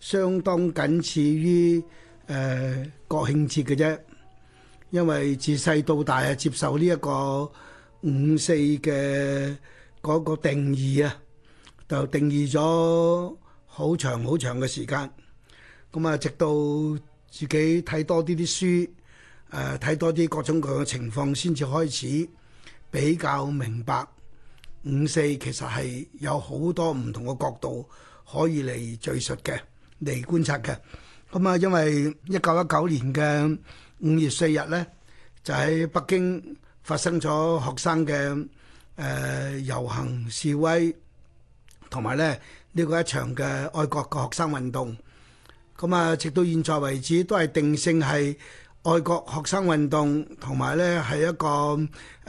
相當僅次於誒、呃、國慶節嘅啫，因為自細到大啊，接受呢一個五四嘅嗰個定義啊，就定義咗好長好長嘅時間。咁啊，直到自己睇多啲啲書，誒、呃、睇多啲各種各樣嘅情況，先至開始比較明白五四其實係有好多唔同嘅角度可以嚟敘述嘅。嚟觀察嘅，咁啊，因為一九一九年嘅五月四日咧，就喺北京發生咗學生嘅誒遊行示威，同埋咧呢個一場嘅愛國嘅學生運動。咁啊，直到現在為止都係定性係愛國學生運動，同埋咧係一個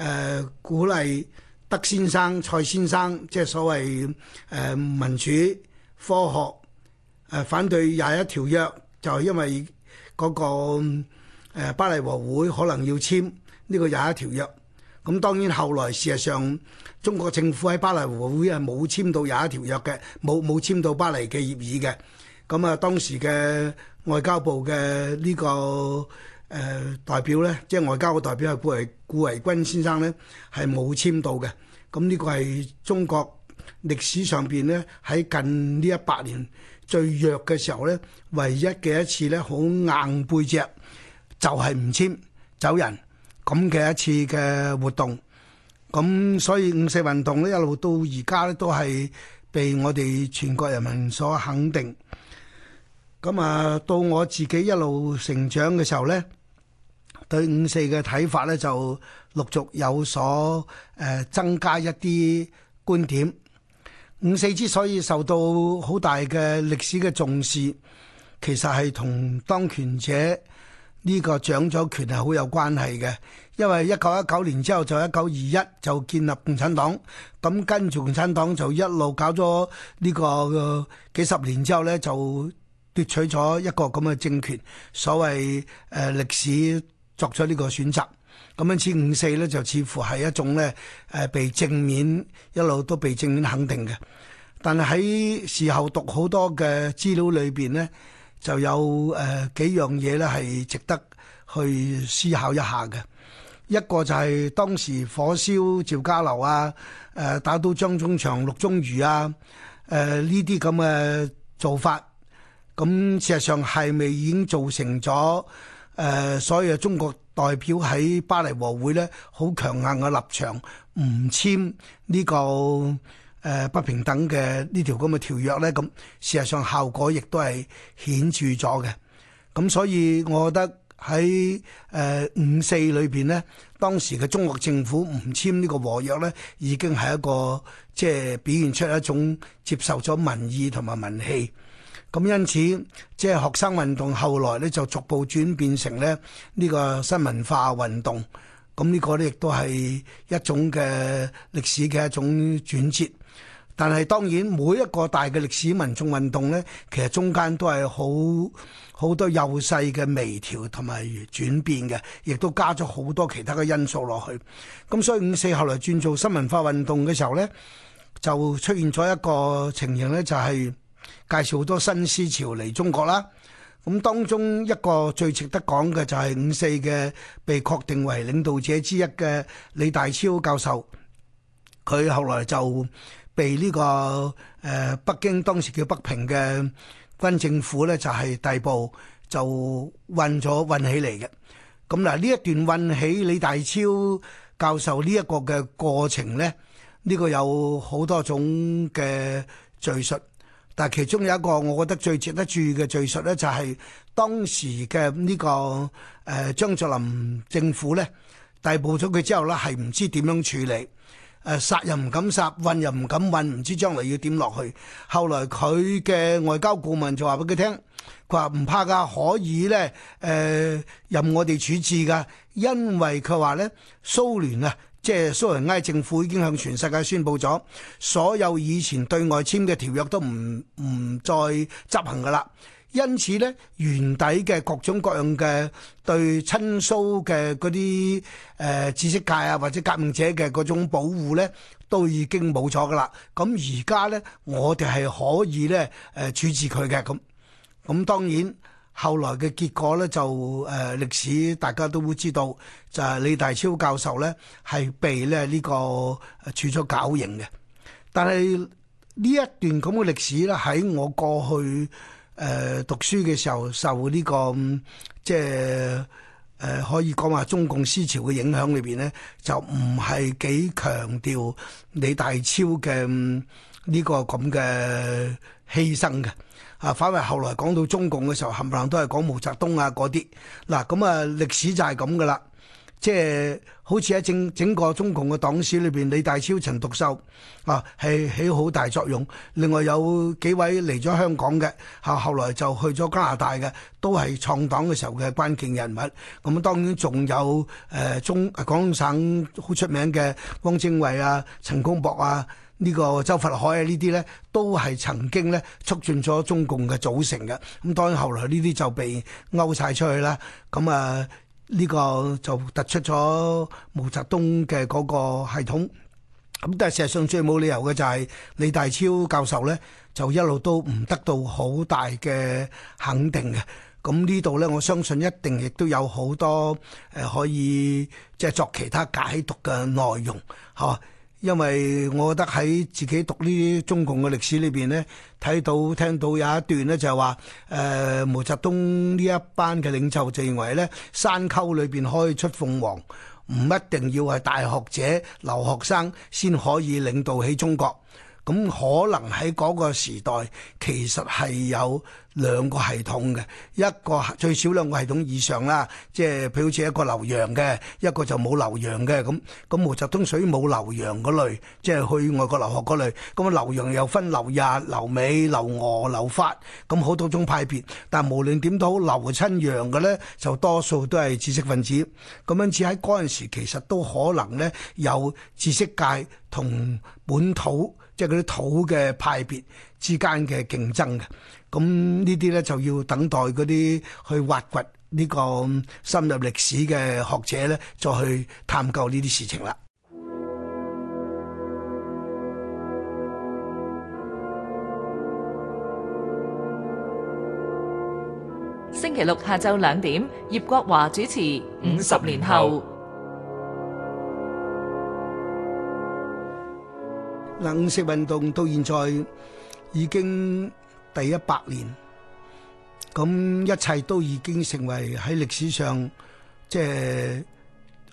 誒鼓勵德先生、賽先生，即係所謂誒民主科學。誒反對廿一條約就係因為嗰個誒巴黎和會可能要簽呢個廿一條約。咁當然後來事實上中國政府喺巴黎和會係冇簽到廿一條約嘅，冇冇簽到巴黎嘅協議嘅。咁啊，當時嘅外交部嘅呢個誒、呃、代表咧，即係外交部代表係顧維顧維鈞先生咧，係冇簽到嘅。咁呢個係中國歷史上面咧喺近呢一百年，最弱嘅時候咧，唯一嘅一次咧，好硬背脊就係唔簽走人咁嘅一次嘅活動。咁所以五四運動咧，一路到而家咧，都係被我哋全國人民所肯定。咁啊，到我自己一路成長嘅時候咧，對五四嘅睇法咧，就陸續有所誒增加一啲觀點。五四之所以受到好大嘅歷史嘅重視，其實，係同當權者呢個掌咗權，係好有關係嘅。因為一九一九年之後，就一九二一就建立共產黨，咁跟住共產黨就一路搞咗呢個幾十年之後咧，就奪取咗一個咁嘅政權，所謂誒歷史作出呢個選擇。咁樣似五四咧，就似乎係一種咧，誒、呃、被正面一路都被正面肯定嘅。但係喺事後讀好多嘅資料裏邊呢，就有誒、呃、幾樣嘢咧係值得去思考一下嘅。一個就係當時火燒趙家樓啊，誒、呃、打到章宗祥、陸宗輿啊，誒呢啲咁嘅做法，咁、呃、事實上係咪已經造成咗誒、呃、所有中國代表喺巴黎和會咧，好強硬嘅立場，唔簽呢個誒不平等嘅呢條咁嘅條約咧，咁事實上效果亦都係顯著咗嘅。咁所以我覺得喺誒五四裏邊呢，當時嘅中國政府唔簽呢個和約咧，已經係一個即係表現出一種接受咗民意同埋民氣。咁因此，即係學生運動後來咧就逐步轉變成咧呢個新文化運動。咁呢個咧亦都係一種嘅歷史嘅一種轉折。但係當然每一個大嘅歷史民眾運動咧，其實中間都係好好多幼細嘅微調同埋轉變嘅，亦都加咗好多其他嘅因素落去。咁所以五四後來轉做新文化運動嘅時候咧，就出現咗一個情形咧，就係。介紹好多新思潮嚟中國啦，咁當中一個最值得講嘅就係五四嘅被確定為領導者之一嘅李大釗教授，佢後來就被呢、這個誒、呃、北京當時叫北平嘅軍政府咧就係、是、逮捕，就運咗運起嚟嘅。咁嗱呢一段運起李大釗教授呢一個嘅過程咧，呢、這個有好多種嘅敘述。但係其中有一個，我覺得最值得注意嘅敘述咧，就係當時嘅呢個誒張作霖政府咧，逮捕咗佢之後咧，係唔知點樣處理，誒殺又唔敢殺，運又唔敢運，唔知將來要點落去。後來佢嘅外交顧問就話俾佢聽，佢話唔怕㗎，可以咧誒任我哋處置㗎，因為佢話咧蘇聯啊。即係蘇維埃政府已經向全世界宣布咗，所有以前對外簽嘅條約都唔唔再執行噶啦。因此咧，原底嘅各種各樣嘅對親蘇嘅嗰啲誒知識界啊，或者革命者嘅嗰種保護咧，都已經冇咗噶啦。咁而家咧，我哋係可以咧誒、呃、處置佢嘅咁咁，當然。後來嘅結果咧，就誒、呃、歷史大家都會知道，就係、是、李大釗教授咧係被咧呢個處咗絞刑嘅。但係呢一段咁嘅歷史咧，喺我過去誒、呃、讀書嘅時候，受呢、這個即係誒、呃、可以講話中共思潮嘅影響裏邊咧，就唔係幾強調李大釗嘅呢個咁嘅犧牲嘅。啊！反為後來講到中共嘅時候，冚唪唥都係講毛澤東啊嗰啲。嗱，咁啊歷、啊、史就係咁噶啦。即係好似喺、啊、整整個中共嘅黨史裏邊，李大釗、陳獨秀啊，係起好大作用。另外有幾位嚟咗香港嘅，後、啊、後來就去咗加拿大嘅，都係創黨嘅時候嘅關鍵人物。咁、啊、當然仲有誒、呃、中廣東、啊、省好出名嘅汪精衛啊、陳公博啊。呢個周佛海啊，呢啲咧都係曾經咧促進咗中共嘅組成嘅。咁當然後來呢啲就被勾曬出去啦。咁啊，呢個就突出咗毛澤東嘅嗰個系統。咁但係事實上最冇理由嘅就係李大釗教授咧，就一路都唔得到好大嘅肯定嘅。咁呢度咧，我相信一定亦都有好多誒可以即係作其他解讀嘅內容嚇。因為我覺得喺自己讀呢啲中共嘅歷史裏邊呢，睇到聽到有一段呢，就係話，誒毛澤東呢一班嘅領袖就認為咧，山溝裏邊可以出鳳凰，唔一定要係大學者、留學生先可以領導起中國。咁可能喺嗰個時代，其實係有兩個系統嘅，一個最少兩個系統以上啦。即係譬如好似一個留洋嘅，一個就冇留洋嘅。咁咁，毛澤東屬於冇留洋嗰類，即係去外國留學嗰類。咁啊，留洋又分留日、留美、留俄、留法，咁好多種派別。但係無論點都好，留親洋嘅咧，就多數都係知識分子。咁樣似喺嗰陣時，其實都可能咧有知識界同本土。即係嗰啲土嘅派別之間嘅競爭嘅，咁呢啲咧就要等待嗰啲去挖掘呢個深入歷史嘅學者咧，再去探究呢啲事情啦。星期六下晝兩點，葉國華主持《五十年後》。嗱，五四運動到現在已經第一百年，咁一切都已經成為喺歷史上，即係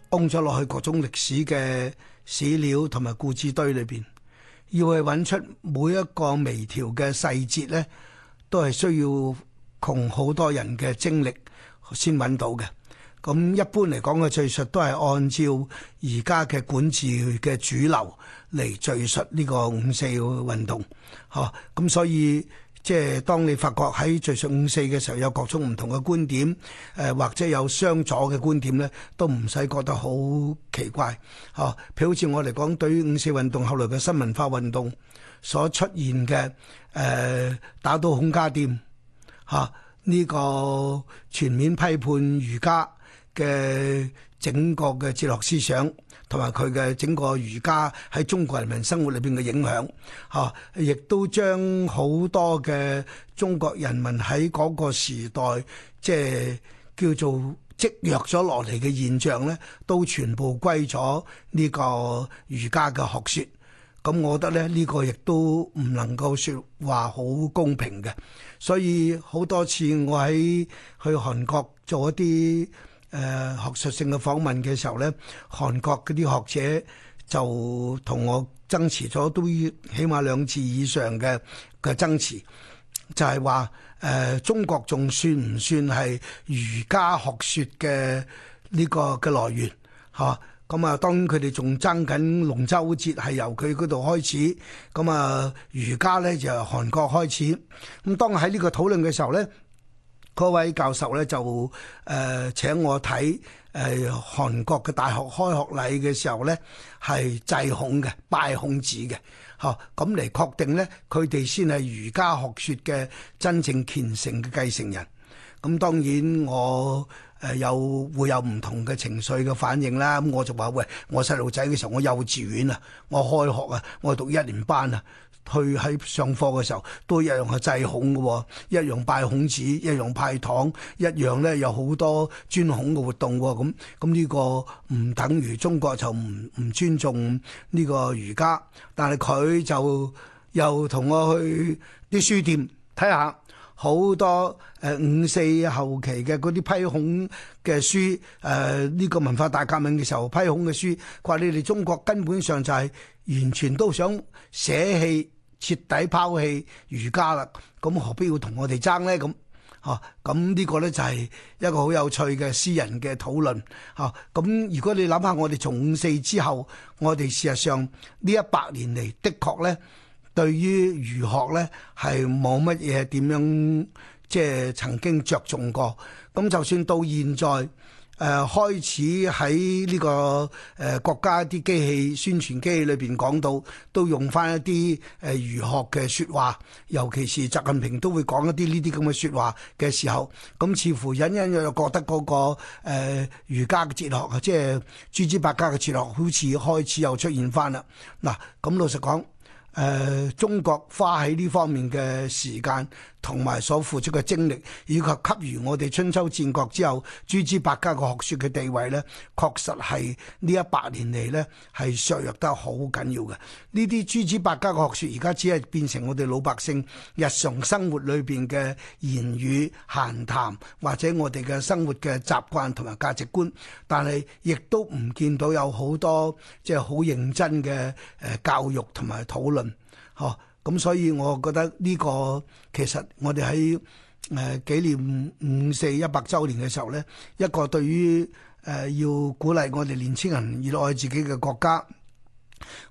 安咗落去各種歷史嘅史料同埋故紙堆裏邊，要係揾出每一個微調嘅細節咧，都係需要窮好多人嘅精力先揾到嘅。咁一般嚟講嘅敍述都係按照而家嘅管治嘅主流嚟敍述呢個五四運動，嚇咁所以即係當你發覺喺敍述五四嘅時候有各種唔同嘅觀點，誒、呃、或者有相左嘅觀點咧，都唔使覺得好奇怪，嚇譬如好似我嚟講，對於五四運動後來嘅新文化運動所出現嘅誒、呃、打倒孔家店，嚇呢、呢個全面批判儒家嘅整個嘅哲學思想，同埋佢嘅整個儒家喺中國人民生活裏邊嘅影響，嚇、啊，亦都將好多嘅中國人民喺嗰個時代，即係叫做積弱咗落嚟嘅現象咧，都全部歸咗呢個儒家嘅學説。咁、啊、我覺得咧，呢、呢個亦都唔能夠説話好公平嘅。所以好多次我喺去韓國做一啲，誒學術性嘅訪問嘅時候咧，韓國嗰啲學者就同我爭持咗，都起碼兩次以上嘅嘅爭持，就係話誒中國仲算唔算係儒家學説嘅呢個嘅來源嚇？咁啊，嗯、當然佢哋仲爭緊龍舟節係由佢嗰度開始，咁、嗯、啊儒家咧就係韓國開始。咁、嗯、當喺呢個討論嘅時候咧。嗰位教授咧就誒、呃、請我睇誒、呃、韓國嘅大學開學禮嘅時候咧係祭孔嘅拜孔子嘅，呵咁嚟確定咧佢哋先係儒家學説嘅真正虔誠嘅繼承人。咁、嗯、當然我誒有、呃、會有唔同嘅情緒嘅反應啦。咁、嗯、我就話喂，我細路仔嘅時候我幼稚園啊，我開學啊，我讀一年班啊。去喺上課嘅時候，都一樣係祭孔嘅，哦，一樣拜孔子，一樣派糖，一樣咧有好多尊孔嘅活動喎，哦。咁咁呢個唔等於中國就唔唔尊重呢個儒家？但係佢就又同我去啲書店睇下，好多誒、呃、五四後期嘅嗰啲批孔嘅書，誒、呃、呢、呢個文化大革命嘅時候批孔嘅書，佢話你哋中國根本上就係完全都想捨棄。徹底拋棄儒家啦，咁何必要同我哋爭呢？咁，嚇咁呢個咧就係一個好有趣嘅私人嘅討論，嚇咁如果你諗下我哋從五四之後，我哋事實上呢一百年嚟的確咧，對於儒學咧係冇乜嘢係點樣即係曾經着重過，咁就算到現在。誒、呃、開始喺呢、這個誒、呃、國家啲機器宣傳機器裏邊講到，都用翻一啲誒儒學嘅説話，尤其是習近平都會講一啲呢啲咁嘅説話嘅時候，咁、嗯、似乎隱隱約約覺得嗰、那個儒、呃、家嘅哲學啊，即係諸子百家嘅哲學，哲學好似開始又出現翻啦。嗱、呃，咁老實講，誒、呃、中國花喺呢方面嘅時間，同埋所付出嘅精力，以及給予我哋春秋戰國之後諸子百家嘅學說嘅地位咧，確實，係呢一百年嚟咧，係削弱得好緊要嘅。呢啲諸子百家嘅學說，而家只係變成我哋老百姓日常生活裏邊嘅言語閒談，或者我哋嘅生活嘅習慣同埋價值觀，但係亦都唔見到有好多即係好認真嘅誒教育同埋討論呵。咁、嗯、所以我覺得呢、這個其實我哋喺誒紀念五四一百週年嘅時候咧，一個對於誒、呃、要鼓勵我哋年輕人熱愛自己嘅國家，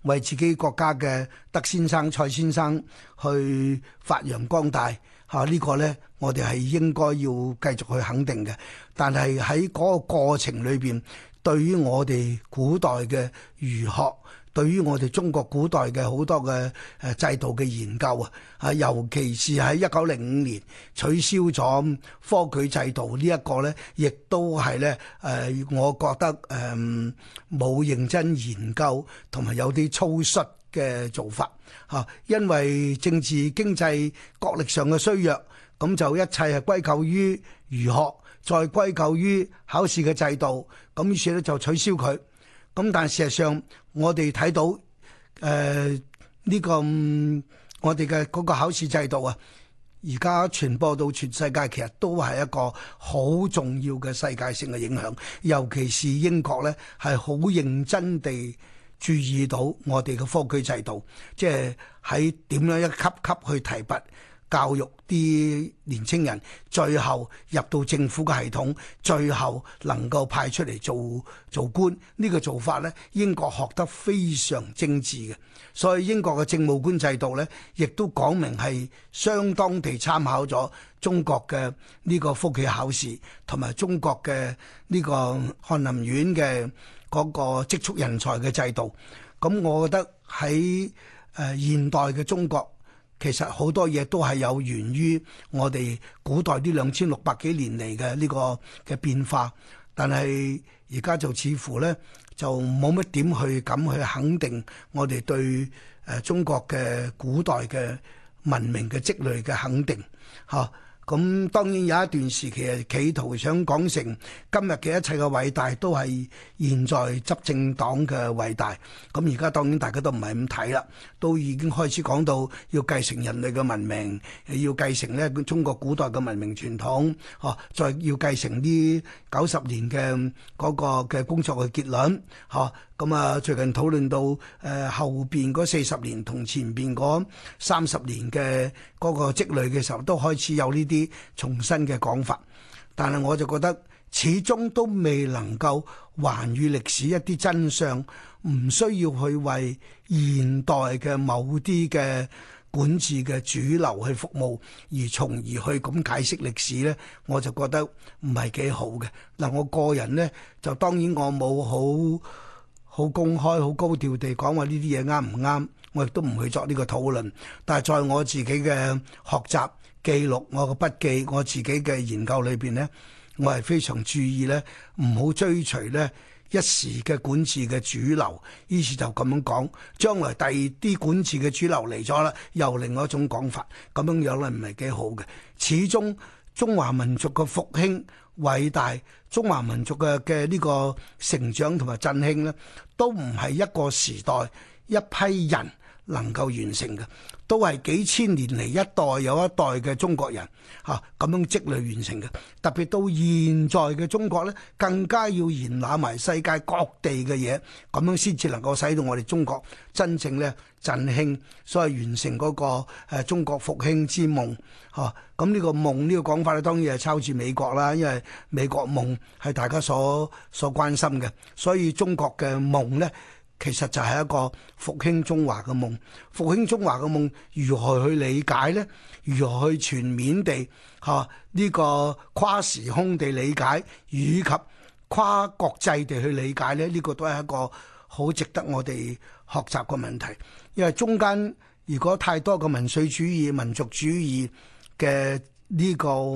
為自己國家嘅德先生、賽先生去發揚光大嚇、啊這個、呢個咧，我哋係應該要繼續去肯定嘅。但係喺嗰個過程裏邊，對於我哋古代嘅儒學。對於我哋中國古代嘅好多嘅誒制度嘅研究啊，尤其是喺一九零五年取消咗科舉制度呢一個咧，亦都係咧誒，我覺得誒冇、嗯、認真研究同埋有啲粗率嘅做法嚇、啊，因為政治經濟國力上嘅衰弱，咁就一切係歸咎於儒學，再歸咎於考試嘅制度，咁於是咧就取消佢。咁但事實上，我哋睇到誒呢、呃這個、嗯、我哋嘅嗰個考試制度啊，而家傳播到全世界，其實都係一個好重要嘅世界性嘅影響。尤其是英國咧，係好認真地注意到我哋嘅科舉制度，即係喺點樣一級級去提拔。教育啲年青人，最後入到政府嘅系統，最後能夠派出嚟做做官，呢個做法呢，英國學得非常精緻嘅。所以英國嘅政務官制度呢，亦都講明係相當地參考咗中國嘅呢個科舉考試，同埋中國嘅呢個翰林院嘅嗰個積蓄人才嘅制度。咁我覺得喺誒現代嘅中國。其實好多嘢都係有源於我哋古代呢兩千六百幾年嚟嘅呢個嘅變化，但係而家就似乎咧就冇乜點去噉去肯定我哋對誒中國嘅古代嘅文明嘅積累嘅肯定嚇。咁當然有一段時期係企圖想講成今日嘅一切嘅偉大，都係現在執政黨嘅偉大。咁而家當然大家都唔係咁睇啦，都已經開始講到要繼承人類嘅文明，要繼承呢中國古代嘅文明傳統，呵，再要繼承呢九十年嘅嗰個嘅工作嘅結論，呵。咁啊，最近討論到誒、呃、後邊嗰四十年同前邊嗰三十年嘅嗰個積累嘅時候，都開始有呢啲重新嘅講法。但係我就覺得始終都未能夠還與歷史一啲真相，唔需要去為現代嘅某啲嘅管治嘅主流去服務，而從而去咁解釋歷史咧，我就覺得唔係幾好嘅。嗱、呃，我個人咧，就當然我冇好。好公開、好高調地講話，呢啲嘢啱唔啱，我亦都唔去作呢個討論。但係在我自己嘅學習記錄、我嘅筆記、我自己嘅研究裏邊呢，我係非常注意呢，唔好追隨呢，一時嘅管治嘅主流。於是就咁樣講，將來第二啲管治嘅主流嚟咗啦，又另外一種講法，咁樣樣咧，唔係幾好嘅。始終中華民族嘅復興偉大。中華民族嘅嘅呢個成長同埋振興咧，都唔係一個時代一批人，能夠完成嘅，都係幾千年嚟一代又一代嘅中國人吓咁、啊、樣積累完成嘅。特別到現在嘅中國呢，更加要延攬埋世界各地嘅嘢，咁樣先至能夠使到我哋中國真正呢振興，所謂完成嗰、那個誒、啊、中國復興之夢。吓、啊，咁呢個夢呢、這個講法呢，當然係抄住美國啦，因為美國夢係大家所所關心嘅，所以中國嘅夢呢，其實就係一個復興中華嘅夢，復興中華嘅夢如何去理解呢？如何去全面地嚇呢個跨時空地理解，以及跨國際地去理解呢？呢個都係一個好值得我哋學習嘅問題，因為中間如果太多嘅民粹主義、民族主義嘅呢個。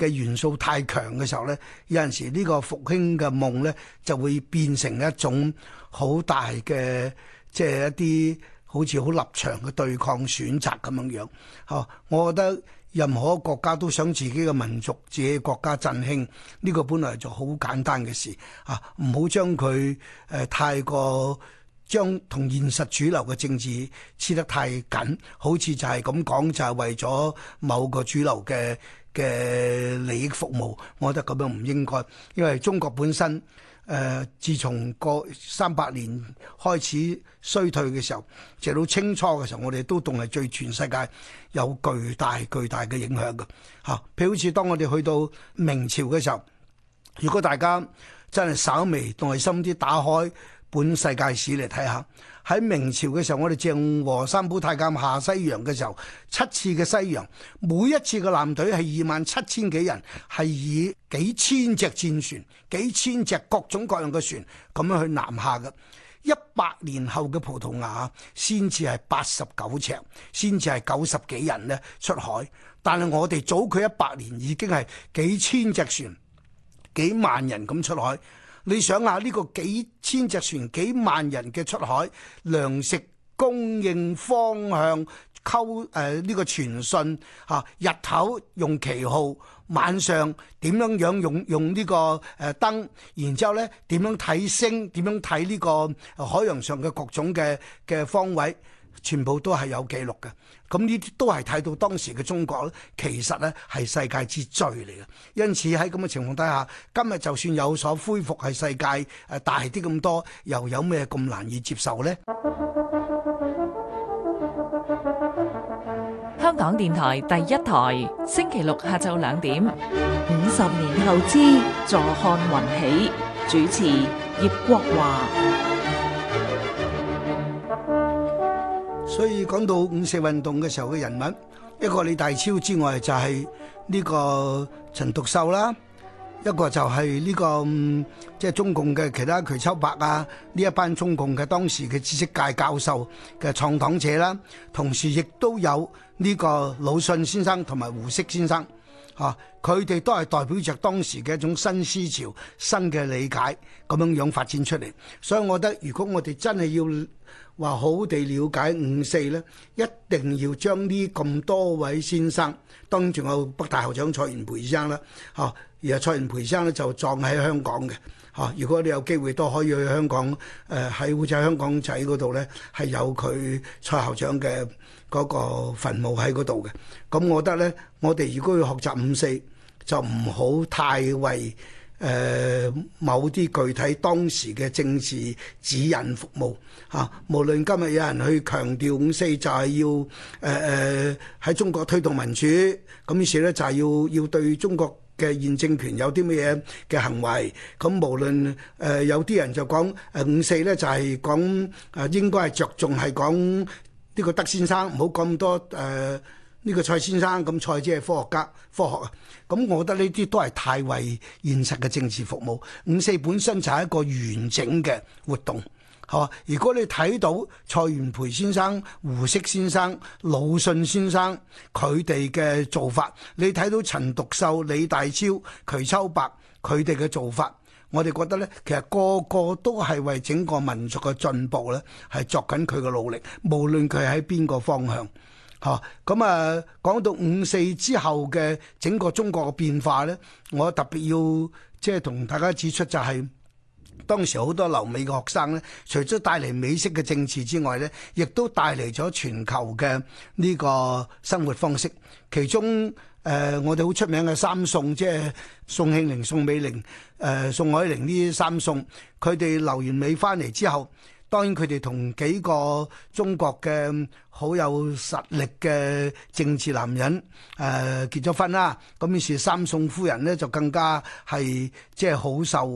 嘅元素太強嘅時候咧，有陣時呢個復興嘅夢咧就會變成一種好大嘅，即係一啲好似好立場嘅對抗選擇咁樣樣。嚇，我覺得任何國家都想自己嘅民族、自己國家振興，呢個本來就好簡單嘅事。嚇，唔好將佢誒太過將同現實主流嘅政治黐得太緊，好似就係咁講，就係為咗某個主流嘅。嘅利益服務，我覺得咁樣唔應該，因為中國本身誒、呃，自從過三百年開始衰退嘅時候，直到清初嘅時候，我哋都仲係對全世界有巨大巨大嘅影響㗎吓。譬如好似當我哋去到明朝嘅時候，如果大家真係稍微耐心啲打開本世界史嚟睇下。喺明朝嘅時候，我哋鄭和三寶太監下西洋嘅時候，七次嘅西洋，每一次嘅艦隊係二萬七千幾人，係以幾千隻戰船、幾千隻各種各樣嘅船咁樣去南下嘅。一百年後嘅葡萄牙先至係八十九尺，先至係九十幾人呢出海，但係我哋早佢一百年，已經係幾千隻船、幾萬人咁出海。你想下呢個幾千隻船、幾萬人嘅出海，糧食供應方向溝誒呢、呃呢個傳訊嚇、啊，日頭用旗號，晚上點樣樣用用呢個誒燈，然之後呢點樣睇星，點樣睇呢個海洋上嘅各種嘅嘅方位。全部都係有記錄嘅，咁呢啲都係睇到當時嘅中國咧，其實咧係世界之最嚟嘅。因此喺咁嘅情況底下，今日就算有所恢復，係世界誒大啲咁多，又有咩咁難以接受呢？香港電台第一台，星期六下晝兩點，五十年後之坐看雲起，主持葉國華。所以講到五四運動嘅時候嘅人物，一個李大釗之外，就係呢個陳獨秀啦，一個就係呢個即係中共嘅其他瞿秋白啊，呢一班中共嘅當時嘅知識界教授嘅創黨者啦，同時亦都有呢個魯迅先生同埋胡適先生。啊！佢哋都係代表着當時嘅一種新思潮、新嘅理解咁樣樣發展出嚟，所以我覺得如果我哋真係要話好地了解五四呢，一定要將呢咁多位先生，當然仲有北大校長蔡元培先生啦，嚇、啊！而蔡元培先生咧就葬喺香港嘅，嚇、啊！如果你有機會都可以去香港，誒喺會在香港仔嗰度呢，係有佢蔡校長嘅。嗰個墳墓喺嗰度嘅，咁我覺得咧，我哋如果要學習五四，就唔好太為誒、呃、某啲具體當時嘅政治指引服務嚇、啊。無論今日有人去強調五四就，就係要誒誒喺中國推動民主，咁於是咧就係要要對中國嘅現政權有啲乜嘢嘅行為。咁無論誒、呃、有啲人就講誒五四咧，就係講誒應該係着重係講。呢個德先生唔好咁多誒，呢、呃呢個蔡先生咁蔡只係科學家、科學啊，咁我覺得呢啲都係太為現實嘅政治服務。五四本身就係一個完整嘅活動，係嘛？如果你睇到蔡元培先生、胡適先生、魯迅先生佢哋嘅做法，你睇到陳獨秀、李大釗、瞿秋白佢哋嘅做法。我哋覺得呢，其實個個都係為整個民族嘅進步呢，係作緊佢嘅努力，無論佢喺邊個方向嚇。咁啊，嗯，講到五四之後嘅整個中國嘅變化呢，我特別要即係同大家指出就係當時好多留美嘅學生呢，除咗帶嚟美式嘅政治之外呢，亦都帶嚟咗全球嘅呢個生活方式，其中。誒、呃，我哋好出名嘅三宋，即係宋慶齡、宋美齡、誒、呃、宋藹齡呢三宋，佢哋留完美翻嚟之後，當然佢哋同幾個中國嘅好有實力嘅政治男人誒、呃、結咗婚啦。咁於是三宋夫人呢就更加係即係好受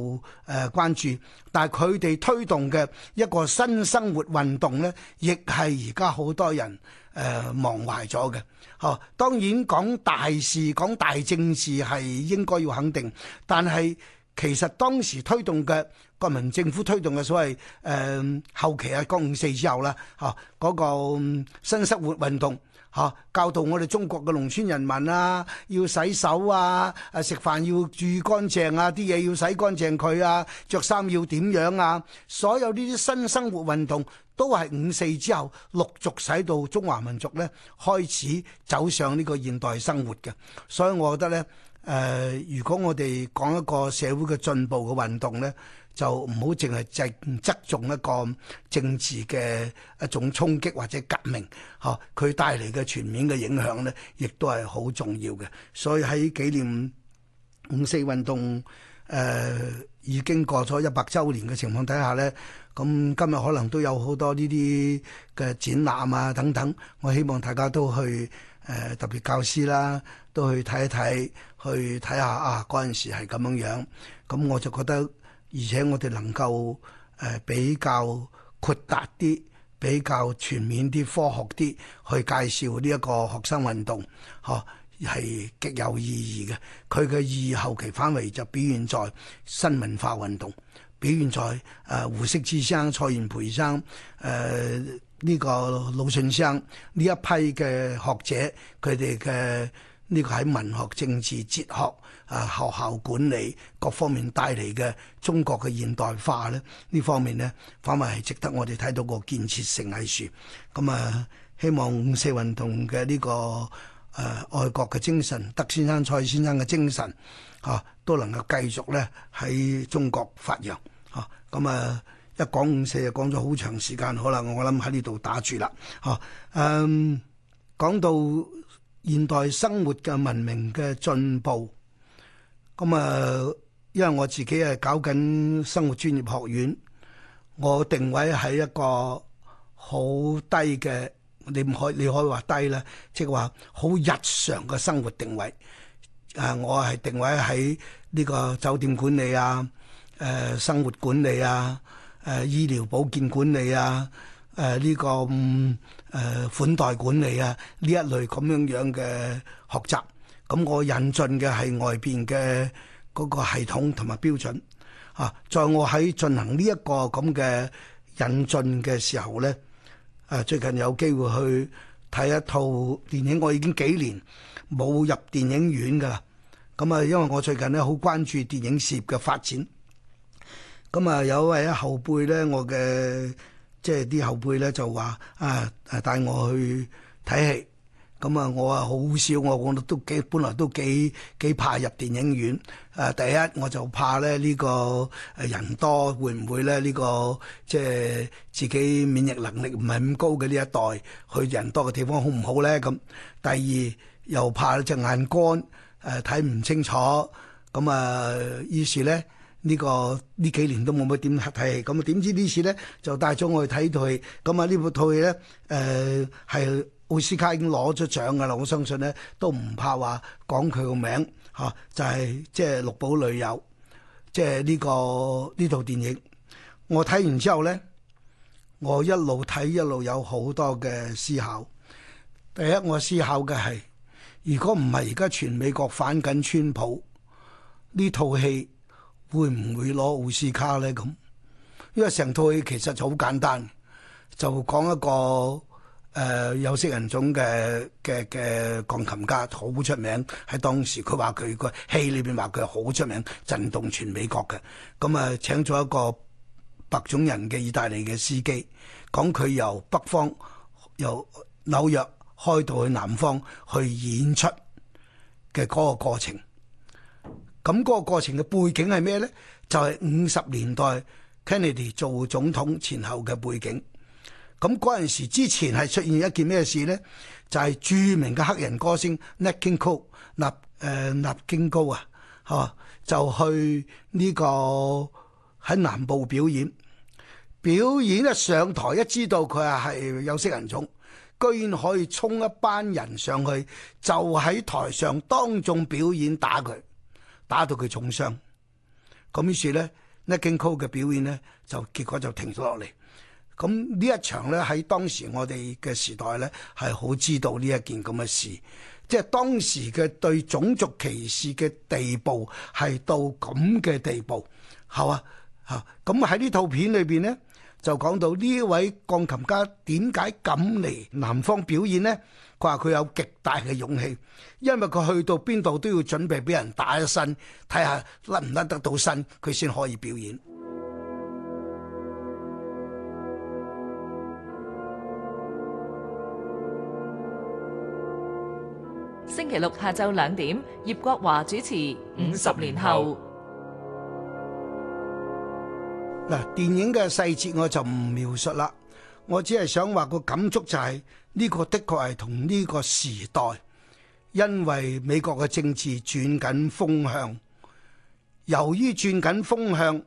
誒關注。但係佢哋推動嘅一個新生活運動咧，亦係而家好多人。誒忘懷咗嘅，嗬、呃！當然講大事、講大政治係應該要肯定，但係其實當時推動嘅國民政府推動嘅所謂誒、呃、後期啊，國五四之後啦，嗬，嗰、那個新生活運動。嚇、啊！教導我哋中國嘅農村人民啊，要洗手啊，誒、啊、食飯要注意乾淨啊，啲嘢要洗乾淨佢啊，着衫要點樣啊，所有呢啲新生活運動都係五四之後陸續使到中華民族咧開始走上呢個現代生活嘅，所以我覺得咧。誒、呃，如果我哋講一個社會嘅進步嘅運動咧，就唔好淨係淨側重一個政治嘅一種衝擊或者革命嚇，佢帶嚟嘅全面嘅影響咧，亦都係好重要嘅。所以喺紀念五四運動誒、呃、已經過咗一百週年嘅情況底下咧，咁今日可能都有好多呢啲嘅展覽啊等等，我希望大家都去誒、呃、特別教師啦都去睇一睇。去睇下啊！嗰陣時係咁樣樣，咁我就覺得，而且我哋能夠誒、呃、比較豁達啲，比較全面啲，科學啲去介紹呢一個學生運動，呵、啊，係極有意義嘅。佢嘅意義後期範圍就表現在新文化運動，表現在誒、呃、胡適之生、蔡元培生、誒、呃、呢、這個魯迅生呢一批嘅學者佢哋嘅。呢個喺文學、政治、哲學、啊學校管理各方面帶嚟嘅中國嘅現代化咧，呢方面呢，反為係值得我哋睇到個建設性藝術。咁、嗯、啊，希望五四運動嘅呢、這個誒、呃、愛國嘅精神，德先生、賽先生嘅精神，嚇、啊、都能夠繼續咧喺中國發揚。嚇咁啊，嗯、一講五四就講咗好長時間，好啦，我諗喺呢度打住啦。嚇、啊，嗯，講到。現代生活嘅文明嘅進步，咁啊，因為我自己係搞緊生活專業學院，我定位喺一個好低嘅，你唔可你可以話低啦，即係話好日常嘅生活定位。誒，我係定位喺呢個酒店管理啊、誒生活管理啊、誒醫療保健管理啊、誒、這、呢個。嗯誒、呃、款待管理啊，呢一類咁樣樣嘅學習，咁、嗯、我引進嘅係外邊嘅嗰個系統同埋標準啊。在我喺進行呢一個咁嘅引進嘅時候咧，誒、啊、最近有機會去睇一套電影，我已經幾年冇入電影院㗎啦。咁、嗯、啊，因為我最近咧好關注電影業嘅發展，咁、嗯、啊有位啊後輩咧，我嘅。即係啲後輩咧就話啊，帶我去睇戲，咁啊，我啊好少，我講得都幾，本來都幾幾怕入電影院。誒、啊，第一我就怕咧呢個誒人多，會唔會咧、這、呢個即係自己免疫能力唔係咁高嘅呢一代去人多嘅地方好唔好咧？咁第二又怕隻眼乾，誒睇唔清楚。咁啊，於是咧。呢、這個呢幾年都冇乜點睇戲，咁點知次呢次咧就帶咗我去睇套戲。咁啊，呢部套戲咧，誒係奧斯卡已經攞咗獎噶啦。我相信咧都唔怕話講佢個名嚇、啊，就係、是、即係《綠簿旅友》，即係呢、這個呢套電影。我睇完之後咧，我一路睇一路有好多嘅思考。第一，我思考嘅係如果唔係而家全美國反緊川普呢套戲，會唔會攞奧斯卡咧？咁，因為成套戲其實就好簡單，就講一個誒、呃、有色人種嘅嘅嘅鋼琴家，好出名喺當時。佢話佢個戲裏邊話佢好出名，震動全美國嘅。咁、嗯、啊，請咗一個白種人嘅意大利嘅司機，講佢由北方由紐約開到去南方去演出嘅個過程。咁嗰個過程嘅背景係咩咧？就係五十年代 Kennedy 做總統前後嘅背景。咁嗰陣時之前係出現一件咩事咧？就係、是、著名嘅黑人歌星 Nat King Cole，納誒納京高啊，嚇就去呢個喺南部表演。表演一上台，一知道佢係係有色人種，居然可以衝一班人上去，就喺台上當眾表演打佢。打到佢重傷，咁於是呢，Nat King Cole 嘅表演呢，就結果就停咗落嚟。咁呢一場呢，喺當時我哋嘅時代呢，係好知道呢一件咁嘅事，即係當時嘅對種族歧視嘅地步係到咁嘅地步，係啊，嚇？咁喺呢套片裏邊呢，就講到呢一位鋼琴家點解咁嚟南方表演呢？話佢有極大嘅勇氣，因為佢去到邊度都要準備俾人打一身，睇下甩唔甩得到身，佢先可以表演。星期六下晝兩點，葉國華主持《五十年後》。嗱，電影嘅細節我就唔描述啦，我只係想話個感觸就係。呢個的確係同呢個時代，因為美國嘅政治轉緊風向，由於轉緊風向，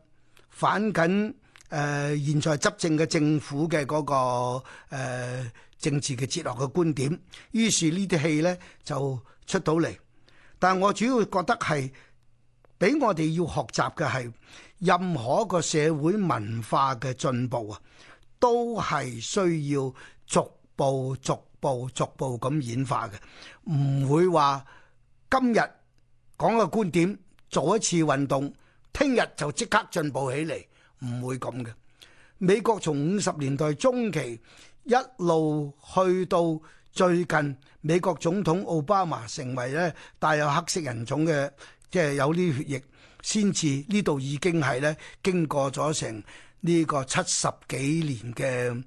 反緊誒現在執政嘅政府嘅嗰、那個、呃、政治嘅哲學嘅觀點，於是戲呢啲戲呢就出到嚟。但我主要覺得係俾我哋要學習嘅係任何一個社會文化嘅進步啊，都係需要逐。步逐步逐步咁演化嘅，唔會話今日講個觀點做一次運動，聽日就即刻進步起嚟，唔會咁嘅。美國從五十年代中期一路去到最近，美國總統奧巴馬成為咧帶有黑色人種嘅，即係有啲血液，先至呢度已經係咧經過咗成呢個七十幾年嘅。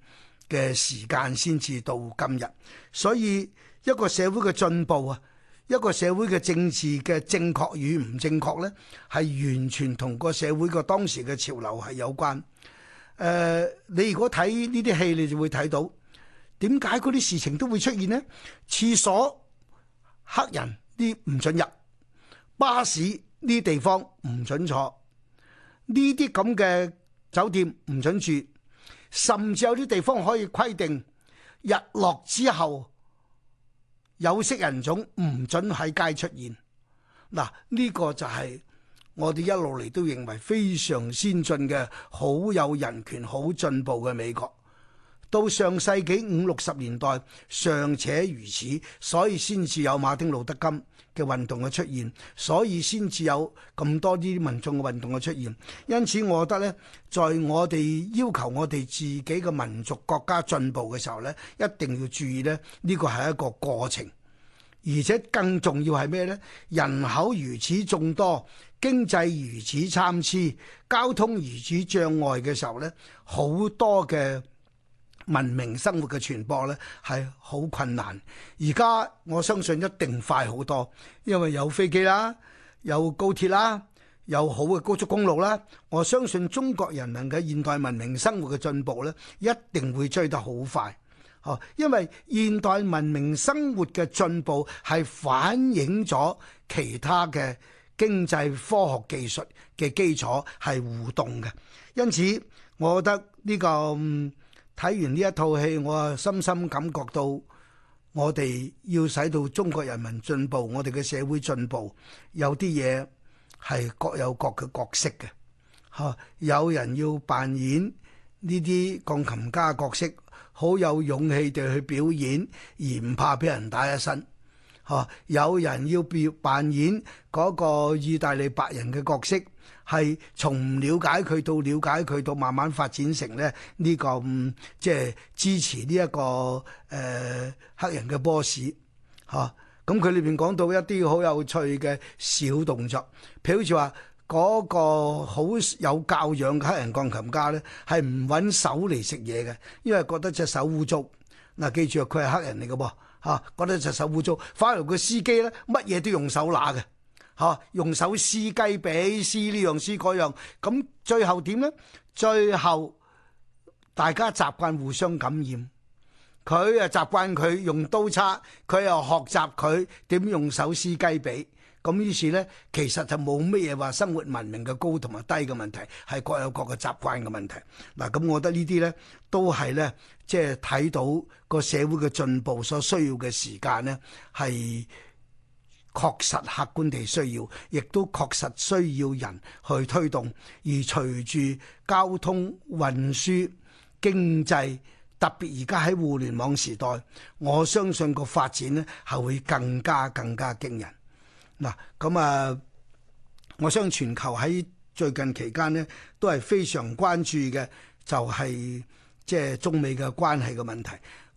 嘅時間先至到今日，所以一個社會嘅進步啊，一個社會嘅政治嘅正確與唔正確呢，係完全同個社會個當時嘅潮流係有關。誒、呃，你如果睇呢啲戲，你就會睇到點解嗰啲事情都會出現呢？廁所黑人啲唔准入，巴士呢地方唔準坐，呢啲咁嘅酒店唔準住。甚至有啲地方可以規定日落之後有色人種唔准喺街出現，嗱，呢個就係我哋一路嚟都認為非常先進嘅、好有人權好進步嘅美國。到上世紀五六十年代尚且如此，所以先至有馬丁路德金嘅運動嘅出現，所以先至有咁多啲民眾嘅運動嘅出現。因此，我覺得呢，在我哋要求我哋自己嘅民族國家進步嘅時候呢，一定要注意呢，呢個係一個過程，而且更重要係咩呢？人口如此眾多，經濟如此參差，交通如此障礙嘅時候呢，好多嘅。文明生活嘅傳播咧係好困難，而家我相信一定快好多，因為有飛機啦，有高鐵啦，有好嘅高速公路啦。我相信中國人民嘅現代文明生活嘅進步咧，一定會追得好快。哦，因為現代文明生活嘅進步係反映咗其他嘅經濟、科學、技術嘅基礎係互動嘅，因此我覺得呢個。睇完呢一套戲，我深深感覺到我哋要使到中國人民進步，我哋嘅社會進步，有啲嘢係各有各嘅角色嘅，嚇！有人要扮演呢啲鋼琴家角色，好有勇氣地去表演，而唔怕俾人打一身，嚇！有人要表扮演嗰個意大利白人嘅角色。係從唔了解佢到了解佢到慢慢發展成咧呢、呢個、嗯、即係支持呢、呢、一個誒、呃、黑人嘅波士嚇。咁佢裏邊講到一啲好有趣嘅小動作，譬如好似話嗰個好有教養嘅黑人鋼琴家咧，係唔揾手嚟食嘢嘅，因為覺得隻手污糟。嗱、啊，記住啊，佢係黑人嚟嘅噃嚇，覺得隻手污糟。反而個司機咧，乜嘢都用手拿嘅。嚇、啊！用手撕雞髀，撕呢樣，撕嗰樣，咁最後點呢？最後大家習慣互相感染，佢啊習慣佢用刀叉，佢又學習佢點用手撕雞髀，咁於是呢，其實就冇乜嘢話生活文明嘅高同埋低嘅問題，係各有各嘅習慣嘅問題。嗱、啊，咁我覺得呢啲呢，都係呢，即係睇到個社會嘅進步所需要嘅時間呢，係。確實客觀地需要，亦都確實需要人去推動。而隨住交通運輸經濟，特別而家喺互聯網時代，我相信個發展呢係會更加更加驚人。嗱，咁啊，我相信全球喺最近期間呢，都係非常關注嘅，就係即係中美嘅關係嘅問題。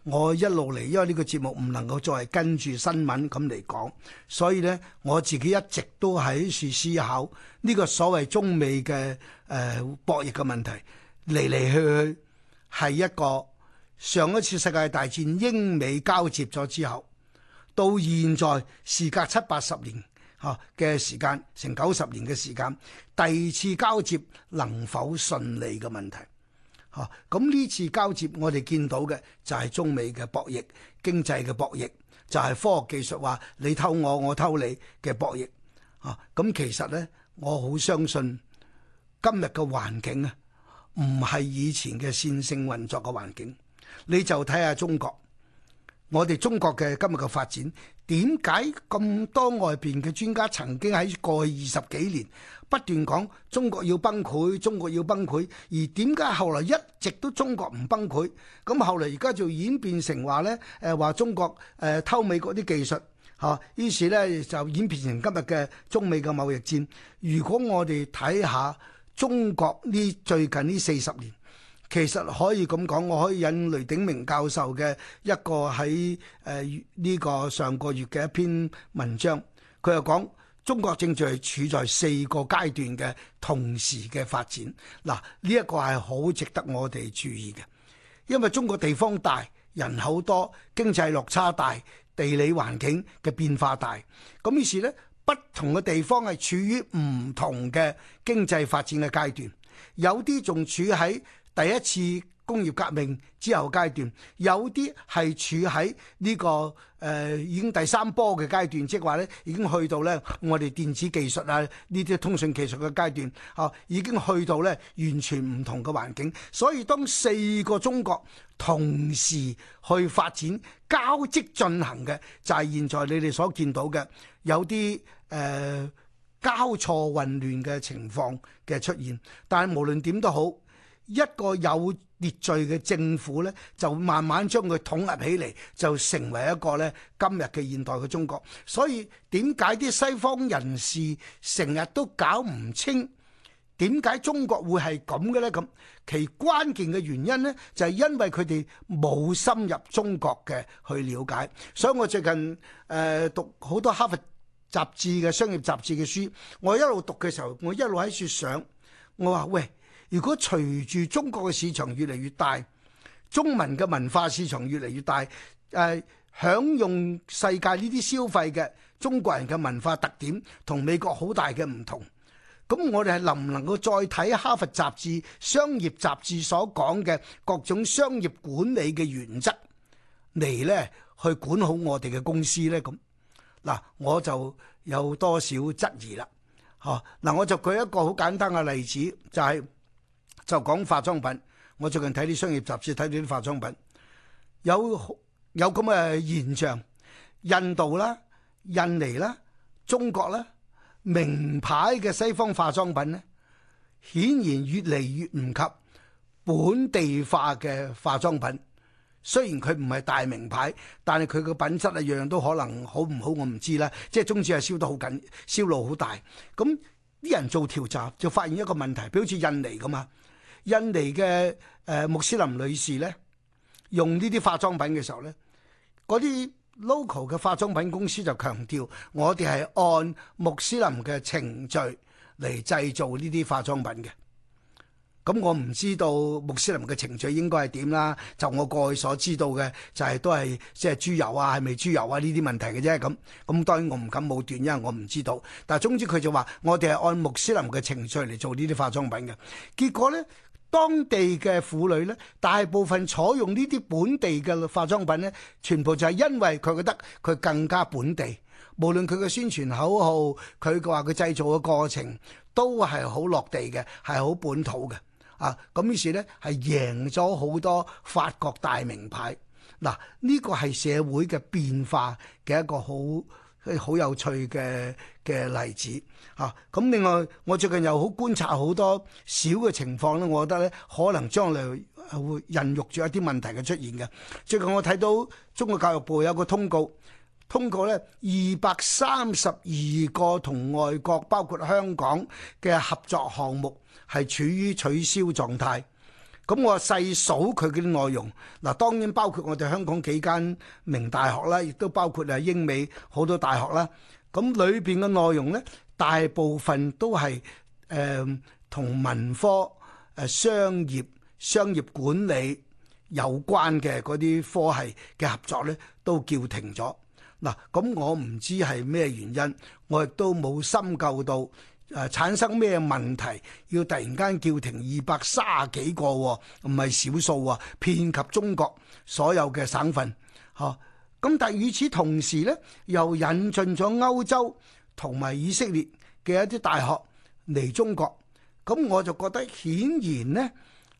我一路嚟，因為呢個節目唔能夠再跟住新聞咁嚟講，所以咧我自己一直都喺處思考呢個所謂中美嘅誒博弈嘅問題，嚟嚟去去，係一個上一次世界大戰英美交接咗之後，到現在時隔七八十年吓嘅時間，成九十年嘅時間，第二次交接能否順利嘅問題。嚇！咁呢次交接，我哋見到嘅就係中美嘅博弈，經濟嘅博弈，就係科學技術話你偷我，我偷你嘅博弈。嚇！咁其實呢，我好相信今日嘅環境啊，唔係以前嘅線性運作嘅環境。你就睇下中國，我哋中國嘅今日嘅發展，點解咁多外邊嘅專家曾經喺過去二十幾年，不斷講中國要崩潰，中國要崩潰，而點解後來一直都中國唔崩潰？咁後嚟而家就演變成話呢，誒話中國誒偷美國啲技術，吓，於是呢就演變成今日嘅中美嘅貿易戰。如果我哋睇下中國呢最近呢四十年，其實可以咁講，我可以引雷鼎鳴教授嘅一個喺誒呢個上個月嘅一篇文章，佢又講。中國正在處在四個階段嘅同時嘅發展，嗱呢一個係好值得我哋注意嘅，因為中國地方大、人口多、經濟落差大、地理環境嘅變化大，咁於是呢，不同嘅地方係處於唔同嘅經濟發展嘅階段，有啲仲處喺第一次工業革命之後階段，有啲係處喺呢、這個誒、呃、已經第三波嘅階段，即係話咧已經去到咧我哋電子技術啊呢啲通訊技術嘅階段，嚇、啊、已經去到咧完全唔同嘅環境。所以當四個中國同時去發展、交織進行嘅，就係、是、現在你哋所見到嘅有啲誒、呃、交錯混亂嘅情況嘅出現。但係無論點都好。一個有秩序嘅政府呢，就慢慢將佢統合起嚟，就成為一個呢今日嘅現代嘅中國。所以點解啲西方人士成日都搞唔清點解中國會係咁嘅呢？咁其關鍵嘅原因呢，就係因為佢哋冇深入中國嘅去了解。所以我最近誒讀好多哈佛雜誌嘅商業雜誌嘅書，我一路讀嘅時候，我一路喺度想，我話喂。如果隨住中國嘅市場越嚟越大，中文嘅文化市場越嚟越大，誒享用世界呢啲消費嘅中國人嘅文化特點同美國好大嘅唔同，咁我哋係能唔能夠再睇哈佛雜誌、商業雜誌所講嘅各種商業管理嘅原則嚟咧，去管好我哋嘅公司呢？咁嗱，我就有多少質疑啦，吓嗱，我就舉一個好簡單嘅例子，就係、是。就講化妝品，我最近睇啲商業雜誌，睇到啲化妝品有有咁嘅現象，印度啦、印尼啦、中國啦，名牌嘅西方化妝品咧，顯然越嚟越唔及本地化嘅化妝品。雖然佢唔係大名牌，但係佢個品質啊，樣樣都可能好唔好，我唔知啦。即係中資係燒得好緊，銷路好大。咁啲人做調查就發現一個問題，比如好似印尼咁啊。印尼嘅誒穆斯林女士咧，用呢啲化妝品嘅時候咧，嗰啲 local 嘅化妝品公司就強調，我哋係按穆斯林嘅程序嚟製造呢啲化妝品嘅。咁、嗯、我唔知道穆斯林嘅程序應該係點啦。就我過去所知道嘅，就係、係、都係即係豬油啊，係咪豬油啊呢啲問題嘅啫。咁、嗯、咁、嗯、當然我唔敢武斷，因為我唔知道。但係總之佢就話，我哋係按穆斯林嘅程序嚟做呢啲化妝品嘅。結果咧，當地嘅婦女咧，大部分採用呢啲本地嘅化妝品咧，全部就係因為佢覺得佢更加本地，無論佢嘅宣傳口號，佢話佢製造嘅過程都係好落地嘅，係好本土嘅啊！咁於是咧，係贏咗好多法國大名牌。嗱，呢個係社會嘅變化嘅一個好。好有趣嘅嘅例子嚇，咁、啊、另外我最近又好觀察好多小嘅情況咧，我覺得咧可能將嚟會孕育住一啲問題嘅出現嘅。最近我睇到中國教育部有個通告，通告咧，二百三十二個同外國包括香港嘅合作項目係處於取消狀態。咁我細數佢嘅內容，嗱，當然包括我哋香港幾間名大學啦，亦都包括啊英美好多大學啦。咁裏邊嘅內容咧，大部分都係誒同文科、誒商業、商業管理有關嘅嗰啲科系嘅合作咧，都叫停咗。嗱，咁我唔知係咩原因，我亦都冇深究到。誒，產生咩問題？要突然間叫停二百卅幾個，哦，唔係少數啊，遍及中國所有嘅省份。吓，哦，咁但係與此同時咧，又引進咗歐洲同埋以色列嘅一啲大學嚟中國。咁我就覺得顯然咧，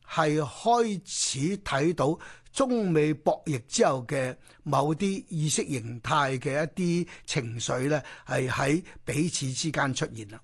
係開始睇到中美博弈之後嘅某啲意識形態嘅一啲情緒咧，係喺彼此之間出現啦。